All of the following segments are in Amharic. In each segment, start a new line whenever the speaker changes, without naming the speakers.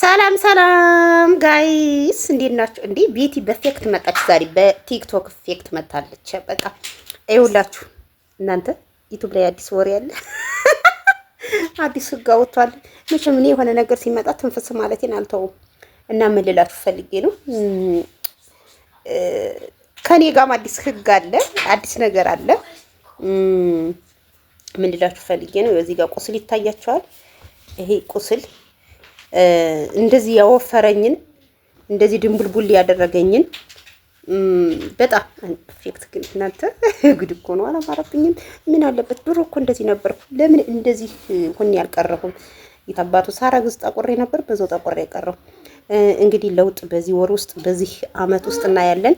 ሰላም ሰላም ጋይስ እንዴት ናችሁ? እንዴ ቤቲ በፌክት መጣች ዛሬ በቲክቶክ ፌክት መታለች። በቃ ይኸውላችሁ እናንተ ዩቲዩብ ላይ አዲስ ወሬ አለ፣ አዲስ ህግ አውጥቷል። መቼም እኔ የሆነ ነገር ሲመጣ ትንፍስ ማለቴን አልተውም እና ምን ልላችሁ ፈልጌ ነው ከኔ ጋርም አዲስ ህግ አለ፣ አዲስ ነገር አለ። ምን ልላችሁ ፈልጌ ነው። እዚህ ጋር ቁስል ይታያቸዋል። ይሄ ቁስል እንደዚህ ያወፈረኝን እንደዚህ ድንቡልቡል ያደረገኝን በጣም ኢፌክት ግን እናንተ ጉድ እኮ ነው። አላማረብኝም። ምን አለበት? ድሮ እኮ እንደዚህ ነበርኩ። ለምን እንደዚህ ሆኜ ያልቀረሁም? የታባቱ ሳረግዝ ጠቁሬ ነበር፣ በዛው ጠቁሬ ቀረሁ። እንግዲህ ለውጥ በዚህ ወር ውስጥ በዚህ አመት ውስጥ እናያለን።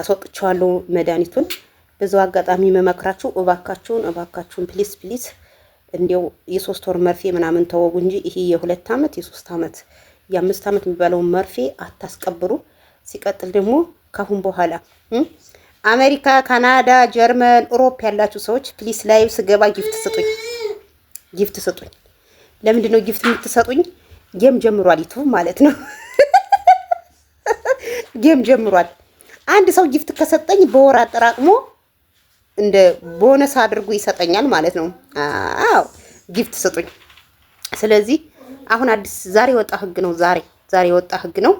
አስወጥቼዋለሁ መድኃኒቱን። በዛው አጋጣሚ መመክራችሁ እባካችሁን እባካችሁን ፕሊስ ፕሊስ እንዲያው የሶስት ወር መርፌ ምናምን ተወጉ እንጂ ይሄ የሁለት ዓመት የሶስት ዓመት የአምስት ዓመት የሚባለውን መርፌ አታስቀብሩ። ሲቀጥል ደግሞ ካሁን በኋላ አሜሪካ፣ ካናዳ፣ ጀርመን፣ ዩሮፕ ያላችሁ ሰዎች ፕሊስ ላይቭ ስገባ ጊፍት ስጡኝ፣ ጊፍት ስጡኝ። ለምንድን ነው ጊፍት የምትሰጡኝ? ጌም ጀምሯል፣ ይቱ ማለት ነው ጌም ጀምሯል። አንድ ሰው ጊፍት ከሰጠኝ በወር አጠራቅሞ እንደ ቦነስ አድርጎ ይሰጠኛል ማለት ነው። አዎ ጊፍት ሰጡኝ። ስለዚህ አሁን አዲስ ዛሬ ወጣ ህግ ነው። ዛሬ ዛሬ ወጣ ህግ ነው።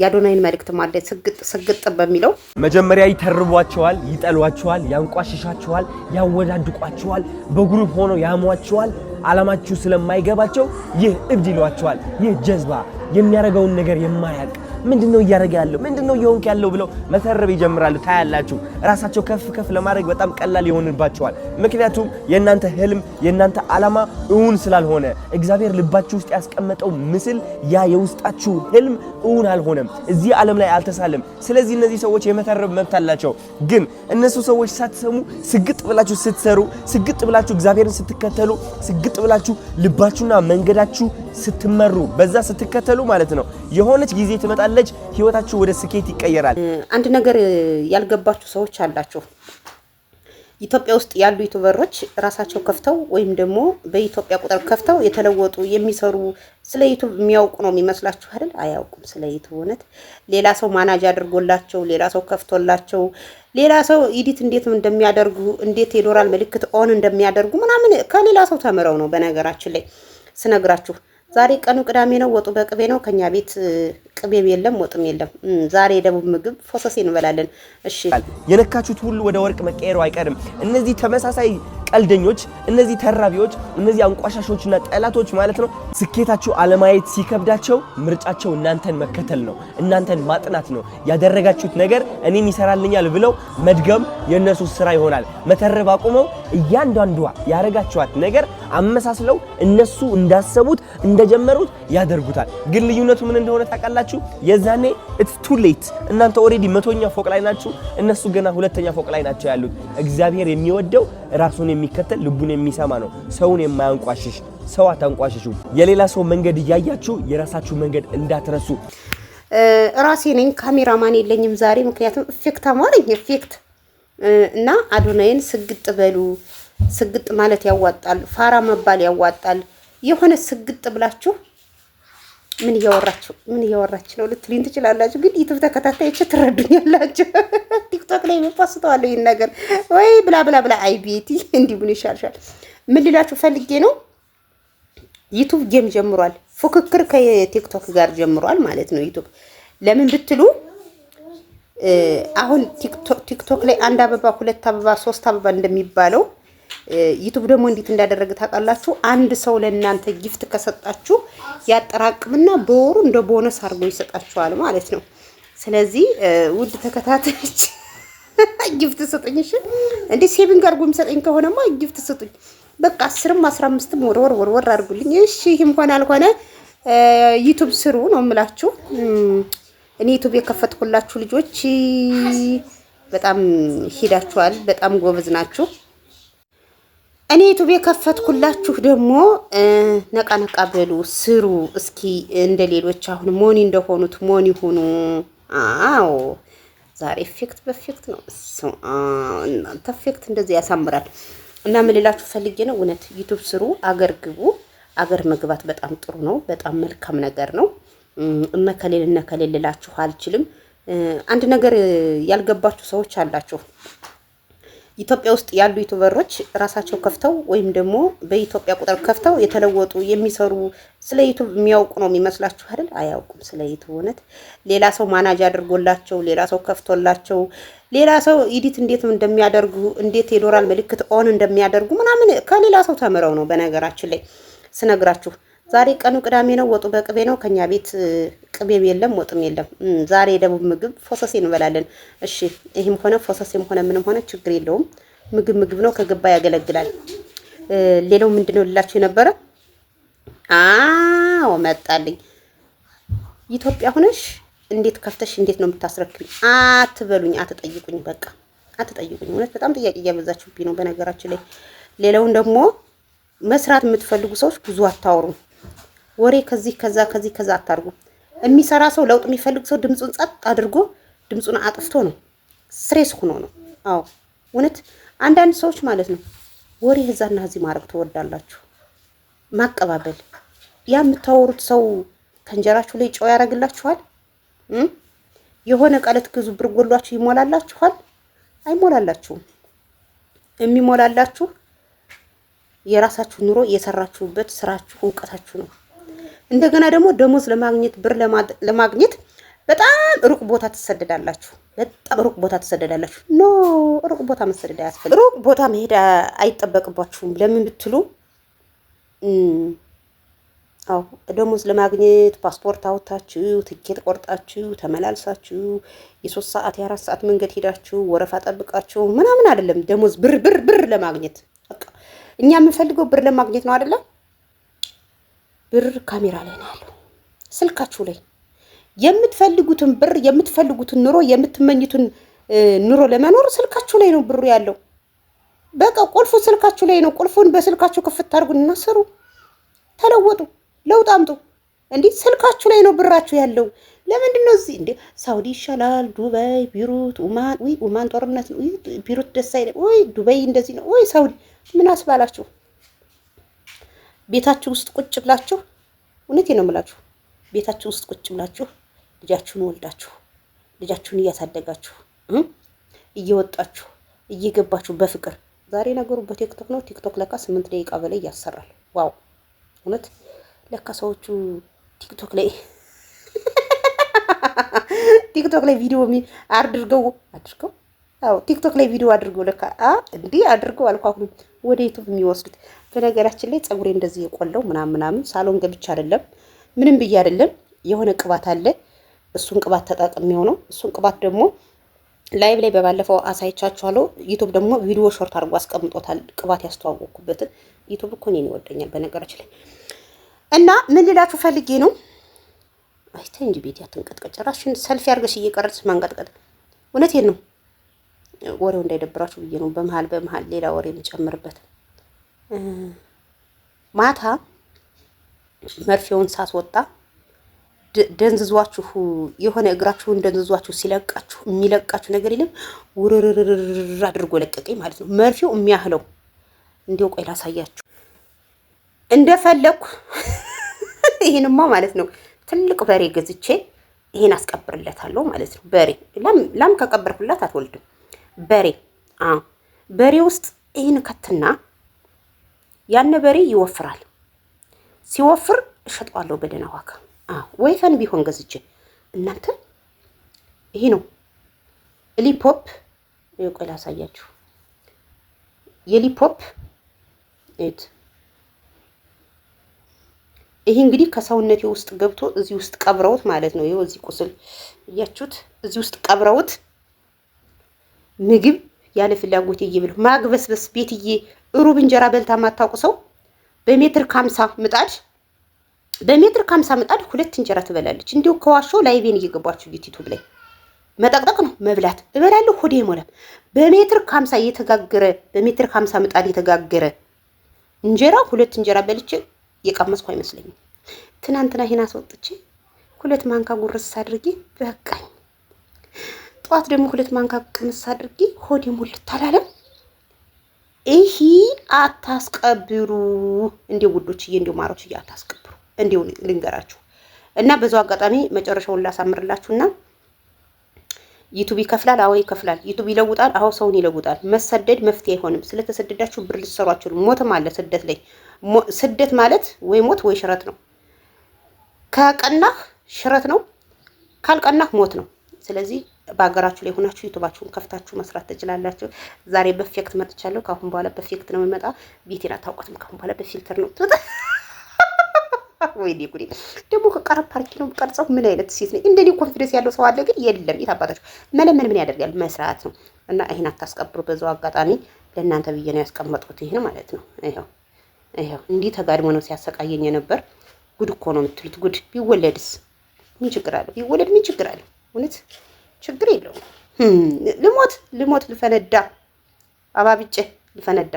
የአዶናይን መልእክት ማለት ስግጥ ስግጥ በሚለው
መጀመሪያ ይተርቧቸዋል፣ ይጠሏቸዋል፣ ያንቋሽሻቸዋል፣ ያወዳድቋቸዋል፣ በግሩፕ ሆነው ያሟቸዋል። አላማችሁ ስለማይገባቸው ይህ እብድ ይሏቸዋል። ይህ ጀዝባ የሚያደርገውን ነገር የማያውቅ ምንድነው እያደረገ ያለው ምንድነው ነው እየሆንክ ያለው ብለው መተረብ ይጀምራሉ። ታያላችሁ። ራሳቸው ከፍ ከፍ ለማድረግ በጣም ቀላል ይሆንባቸዋል። ምክንያቱም የእናንተ ህልም የእናንተ ዓላማ እውን ስላልሆነ እግዚአብሔር ልባችሁ ውስጥ ያስቀመጠው ምስል ያ የውስጣችሁ ህልም እውን አልሆነም፣ እዚህ ዓለም ላይ አልተሳለም። ስለዚህ እነዚህ ሰዎች የመተረብ መብት አላቸው። ግን እነሱ ሰዎች ሳትሰሙ ስግጥ ብላችሁ ስትሰሩ፣ ስግጥ ብላችሁ እግዚአብሔርን ስትከተሉ፣ ስግጥ ብላችሁ ልባችሁና መንገዳችሁ ስትመሩ፣ በዛ ስትከተሉ ማለት ነው የሆነች ጊዜ ትመጣለ ትሆናለች። ህይወታችሁ ወደ ስኬት ይቀየራል።
አንድ ነገር ያልገባችሁ ሰዎች አላችሁ። ኢትዮጵያ ውስጥ ያሉ ዩቱበሮች ራሳቸው ከፍተው ወይም ደግሞ በኢትዮጵያ ቁጥር ከፍተው የተለወጡ የሚሰሩ ስለ ዩቱብ የሚያውቁ ነው የሚመስላችሁ አይደል? አያውቁም። ስለ ዩቱብ እውነት ሌላ ሰው ማናጅ አድርጎላቸው፣ ሌላ ሰው ከፍቶላቸው፣ ሌላ ሰው ኢዲት እንዴት እንደሚያደርጉ እንዴት የዶላር ምልክት ኦን እንደሚያደርጉ ምናምን ከሌላ ሰው ተምረው ነው። በነገራችን ላይ ስነግራችሁ ዛሬ ቀኑ ቅዳሜ ነው። ወጡ በቅቤ ነው። ከኛ ቤት ቅቤም የለም ወጥም የለም። ዛሬ የደቡብ ምግብ ፎሰሴ እንበላለን። እሺ
የነካችሁት ሁሉ ወደ ወርቅ መቀየሩ አይቀርም። እነዚህ ተመሳሳይ ቀልደኞች፣ እነዚህ ተራቢዎች፣ እነዚህ አንቋሻሾችና ጠላቶች ማለት ነው። ስኬታችሁ አለማየት ሲከብዳቸው ምርጫቸው እናንተን መከተል ነው፣ እናንተን ማጥናት ነው። ያደረጋችሁት ነገር እኔም ይሰራልኛል ብለው መድገም የእነሱ ስራ ይሆናል። መተረብ አቁመው እያንዳንዷ ያረጋችኋት ነገር አመሳስለው እነሱ እንዳሰቡት እንደጀመሩት ያደርጉታል። ግን ልዩነቱ ምን እንደሆነ ታውቃላችሁ? የዛኔ ኢትስ ቱ ሌት። እናንተ ኦልሬዲ መቶኛ ፎቅ ላይ ናችሁ፣ እነሱ ገና ሁለተኛ ፎቅ ላይ ናቸው ያሉት። እግዚአብሔር የሚወደው ራሱን የሚከተል ልቡን የሚሰማ ነው፣ ሰውን የማያንቋሽሽ። ሰው አታንቋሽሹ። የሌላ ሰው መንገድ እያያችሁ የራሳችሁ መንገድ እንዳትረሱ።
ራሴ ነኝ ካሜራማን የለኝም ዛሬ፣ ምክንያቱም ኢፌክት አማረኝ ኢፌክት እና አዶናይን ስግጥ በሉ ስግጥ ማለት ያዋጣል፣ ፋራ መባል ያዋጣል። የሆነ ስግጥ ብላችሁ ምን እያወራችሁ ምን እያወራችሁ ነው ልትሉኝ ትችላላችሁ። ግን ዩቱብ ተከታታዮች ትረዱኛላችሁ። ቲክቶክ ላይ የሚፖስተዋለሁ ይህን ነገር ወይ ብላ ብላ ብላ አይቤቲ ቤቲ እንዲህ ብሎ ይሻልሻል። ምን ልላችሁ ፈልጌ ነው ዩቱብ ጌም ጀምሯል። ፉክክር ከቲክቶክ ጋር ጀምሯል ማለት ነው ዩቱብ ለምን ብትሉ አሁን ቲክቶክ ላይ አንድ አበባ ሁለት አበባ ሶስት አበባ እንደሚባለው ዩቱብ ደግሞ እንዴት እንዳደረገ ታውቃላችሁ? አንድ ሰው ለእናንተ ጊፍት ከሰጣችሁ ያጠራቅምና በወሩ እንደ ቦነስ አድርጎ ይሰጣችኋል ማለት ነው። ስለዚህ ውድ ተከታተች ጊፍት ስጡኝ። እሺ፣ እንዴ ሴቪንግ አድርጎ የሚሰጠኝ ከሆነማ ጊፍት ስጡኝ። በቃ አስርም አስራ አምስትም ወርወር ወርወር አድርጉልኝ። እሺ፣ ይህም ሆነ አልሆነ ዩቱብ ስሩ ነው የምላችሁ። እኔ ዩቱብ የከፈትኩላችሁ ልጆች በጣም ሂዳችኋል። በጣም ጎበዝ ናችሁ። እኔ ዩቱብ የከፈትኩላችሁ ደግሞ ነቃ ነቃ በሉ ስሩ። እስኪ እንደ ሌሎች አሁን ሞኒ እንደሆኑት ሞኒ ሁኑ። አዎ ዛሬ ፌክት በፌክት ነው እናንተ። ፌክት እንደዚህ ያሳምራል። እና ምን ልላችሁ ፈልጌ ነው፣ እውነት ዩቱብ ስሩ፣ አገር ግቡ። አገር መግባት በጣም ጥሩ ነው፣ በጣም መልካም ነገር ነው። እነከሌል እነከሌል ልላችሁ አልችልም። አንድ ነገር ያልገባችሁ ሰዎች አላችሁ ኢትዮጵያ ውስጥ ያሉ ዩቱበሮች ራሳቸው ከፍተው ወይም ደግሞ በኢትዮጵያ ቁጥር ከፍተው የተለወጡ የሚሰሩ ስለ ዩቱብ የሚያውቁ ነው የሚመስላችሁ አይደል? አያውቁም። ስለ ዩቱብ እውነት ሌላ ሰው ማናጅ አድርጎላቸው፣ ሌላ ሰው ከፍቶላቸው፣ ሌላ ሰው ኢዲት እንዴት እንደሚያደርጉ እንዴት የዶላር ምልክት ኦን እንደሚያደርጉ ምናምን ከሌላ ሰው ተምረው ነው። በነገራችን ላይ ስነግራችሁ ዛሬ ቀኑ ቅዳሜ ነው። ወጡ በቅቤ ነው። ከኛ ቤት ቅቤም የለም ወጥም የለም። ዛሬ የደቡብ ምግብ ፎሰሴ እንበላለን። እሺ ይህም ሆነ ፎሰሴም ሆነ ምንም ሆነ ችግር የለውም። ምግብ ምግብ ነው፣ ከገባ ያገለግላል። ሌላው ምንድን ነው ልላችሁ የነበረ አዎ መጣልኝ። ኢትዮጵያ ሆነሽ እንዴት ከፍተሽ እንዴት ነው የምታስረክብኝ? አትበሉኝ፣ አትጠይቁኝ፣ በቃ አትጠይቁኝ። እውነት በጣም ጥያቄ እያበዛችሁብኝ ነው በነገራችን ላይ። ሌላውን ደግሞ መስራት የምትፈልጉ ሰዎች ብዙ አታወሩም። ወሬ ከዚህ ከዛ ከዚህ ከዛ አታርጉ። የሚሰራ ሰው ለውጥ የሚፈልግ ሰው ድምፁን ጸጥ አድርጎ ድምፁን አጥፍቶ ነው። ስሬስ ሆኖ ነው። አዎ እውነት አንዳንድ ሰዎች ማለት ነው ወሬ እዛና እዚህ ማድረግ ትወዳላችሁ፣ ማቀባበል። ያ የምታወሩት ሰው ከእንጀራችሁ ላይ ጨው ያደርግላችኋል። የሆነ ቀለት ግዙ ብር ጎሏችሁ ይሞላላችኋል? አይሞላላችሁም። የሚሞላላችሁ የራሳችሁ ኑሮ የሰራችሁበት ስራችሁ፣ እውቀታችሁ ነው። እንደገና ደግሞ ደሞዝ ለማግኘት ብር ለማግኘት በጣም ሩቅ ቦታ ትሰደዳላችሁ። በጣም ሩቅ ቦታ ትሰደዳላችሁ። ኖ ሩቅ ቦታ መሰደድ አያስፈልግም። ሩቅ ቦታ መሄድ አይጠበቅባችሁም። ለምን ብትሉ አዎ ደሞዝ ለማግኘት ፓስፖርት አውታችሁ፣ ትኬት ቆርጣችሁ ተመላልሳችሁ የሶስት ሰዓት የአራት ሰዓት መንገድ ሄዳችሁ ወረፋ ጠብቃችሁ ምናምን አይደለም። ደሞዝ ብር ብር ብር ለማግኘት እኛ የምንፈልገው ብር ለማግኘት ነው አይደለም። ብር ካሜራ ላይ ነው ያለው፣ ስልካችሁ ላይ የምትፈልጉትን ብር የምትፈልጉትን ኑሮ የምትመኙትን ኑሮ ለመኖር ስልካችሁ ላይ ነው ብሩ ያለው። በቃ ቁልፉ ስልካችሁ ላይ ነው። ቁልፉን በስልካችሁ ክፍት አድርጉና ስሩ፣ ተለወጡ፣ ለውጥ አምጡ። እንዲህ ስልካችሁ ላይ ነው ብራችሁ ያለው። ለምንድን ነው እዚህ እንደ ሳውዲ ይሻላል፣ ዱባይ፣ ቢሩት፣ ኡማን። ኡማን ጦርነት ነው። ቢሩት ደስ አይለ ዱባይ እንደዚህ ነው። ውይ ሳውዲ ምን አስባላችሁ? ቤታችሁ ውስጥ ቁጭ ብላችሁ እውነቴ ነው የምላችሁ፣ ቤታችሁ ውስጥ ቁጭ ብላችሁ ልጃችሁን ወልዳችሁ ልጃችሁን እያሳደጋችሁ እየወጣችሁ እየገባችሁ በፍቅር ዛሬ ነገሩ በቲክቶክ ነው። ቲክቶክ ለካ ስምንት ደቂቃ በላይ ያሰራል። ዋው እውነት ለካ ሰዎቹ ቲክቶክ ላይ ቲክቶክ ላይ ቪዲዮ አድርገው አድርገው አዎ ቲክቶክ ላይ ቪዲዮ አድርገው ለካ እንዲህ አድርገው አልኳኩም ወደ ዩቱብ የሚወስዱት። በነገራችን ላይ ፀጉሬ እንደዚህ የቆለው ምናምን ምናምን ሳሎን ገብቻ አይደለም ምንም ብዬ አይደለም። የሆነ ቅባት አለ እሱን ቅባት ተጠቅም የሆነው እሱን ቅባት ደግሞ ላይቭ ላይ በባለፈው አሳይቻችኋለሁ። ዩቱብ ደግሞ ቪዲዮ ሾርት አድርጎ አስቀምጦታል። ቅባት ያስተዋወቅኩበትን ዩቱብ እኮ እኔን ይወደኛል በነገራችን ላይ እና ምን ልላችሁ ፈልጌ ነው። አይተ እንጂ ቤት ያትንቀጥቀጭ ራሽን ሰልፊ አድርገሽ እየቀረጽሽ ማንቀጥቀጥ እውነቴን ነው። ወሬው እንዳይደብራችሁ ብዬ ነው በመሀል በመሀል ሌላ ወሬ የምጨምርበት። ማታ መርፌውን ሳስወጣ ደንዝዟችሁ የሆነ እግራችሁን ደንዝዟችሁ ሲለቃችሁ የሚለቃችሁ ነገር የለም። ውርርርር አድርጎ ለቀቀኝ ማለት ነው መርፌው የሚያህለው። እንዲው ቆይ ላሳያችሁ እንደፈለኩ። ይህንማ ማለት ነው ትልቅ በሬ ገዝቼ ይሄን አስቀብርለታለሁ ማለት ነው። በሬ ላም ከቀበርኩላት አትወልድም። በሬ አ በሬ ውስጥ ይህን ከትና ያነ በሬ ይወፍራል። ሲወፍር እሸጠዋለሁ በደህና ዋጋ ወይ ፈን ቢሆን ገዝቼ እናንተ ይሄ ነው ሊፖፕ ቆይ ላሳያችሁ። የሊፖፕ እት ይሄ እንግዲህ ከሰውነቴ ውስጥ ገብቶ እዚህ ውስጥ ቀብረውት ማለት ነው። ይኸው እዚህ ቁስል እያችሁት እዚህ ውስጥ ቀብረውት ምግብ ያለ ፍላጎት እየበላሁ ማግበስበስ ቤትዬ ሩብ እንጀራ በልታ ማታውቅ ሰው በሜትር ከሀምሳ ምጣድ በሜትር ከሀምሳ ምጣድ ሁለት እንጀራ ትበላለች። እንዲሁ ከዋሾ ላይቤን እየገባችሁ ዩቲዩብ ላይ መጠቅጠቅ ነው መብላት እበላለሁ። ሆዴ ይሞላል። በሜትር ከሀምሳ እየተጋገረ በሜትር ከሀምሳ ምጣድ እየተጋገረ እንጀራ ሁለት እንጀራ በልቼ የቀመስኩ አይመስለኝም። ትናንትና ሂና አስወጥቼ ሁለት ማንካ ጉርስ አድርጌ በቃኝ። ጠዋት ደግሞ ሁለት ማንካ ቅምስ አድርጊ፣ ሆዴ ሞልት አላለም። ይሄ አታስቀብሩ እንዴ ውዶች፣ ውዶችዬ፣ እንዲሁ ማሮችዬ አታስቀብሩ። እንዲሁ ልንገራችሁ እና በዛው አጋጣሚ መጨረሻውን ላሳምርላችሁና ዩቱብ ይከፍላል። አዎ ይከፍላል። ዩቱብ ይለውጣል። አዎ ሰውን ይለውጣል። መሰደድ መፍትሄ አይሆንም። ስለተሰደዳችሁ ብር ልትሰሯችሁ ሞትም አለ ስደት ላይ ስደት ማለት ወይ ሞት ወይ ሽረት ነው። ከቀናህ ሽረት ነው፣ ካልቀናህ ሞት ነው። ስለዚህ በሀገራችሁ ላይ ሆናችሁ ዩቱባችሁን ከፍታችሁ መስራት ትችላላችሁ። ዛሬ በፌክት መጥቻለሁ። ካሁን በኋላ በፌክት ነው የሚመጣ። ቤቴን አታውቋትም። ካሁን በኋላ በፊልተር ነው ወይኔ ጉዴ! ደግሞ ከቀረ ፓርኪ ነው ቀርጸው። ምን አይነት ሴት ነኝ! እንደኔ ኮንፊደንስ ያለው ሰው አለ፣ ግን የለም። የት አባታችሁ መለመን ምን ያደርጋል? መስራት ነው እና ይሄን አታስቀብሩ። በዛው አጋጣሚ ለእናንተ ብዬ ነው ያስቀመጥኩት። ይሄን ማለት ነው። ይኸው ይኸው፣ እንዲህ ተጋድሞ ነው ሲያሰቃየኝ የነበር። ጉድ እኮ ነው የምትሉት ጉድ። ቢወለድስ ምን ችግር አለ? ቢወለድ ምን ችግር አለ? እውነት ችግር የለውም። ልሞት ልሞት ልፈነዳ አባብጬ ልፈነዳ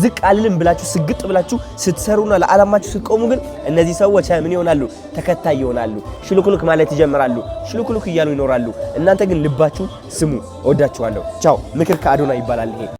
ዝቅ አልልም ብላችሁ ስግጥ ብላችሁ ስትሰሩና ለዓላማችሁ ስትቆሙ ግን እነዚህ ሰዎች ምን ይሆናሉ? ተከታይ ይሆናሉ። ሽልኩልክ ማለት ይጀምራሉ። ሽልኩልክ እያሉ ይኖራሉ። እናንተ ግን ልባችሁ ስሙ። ወዳችኋለሁ። ቻው። ምክር ከአዶና ይባላል ይሄ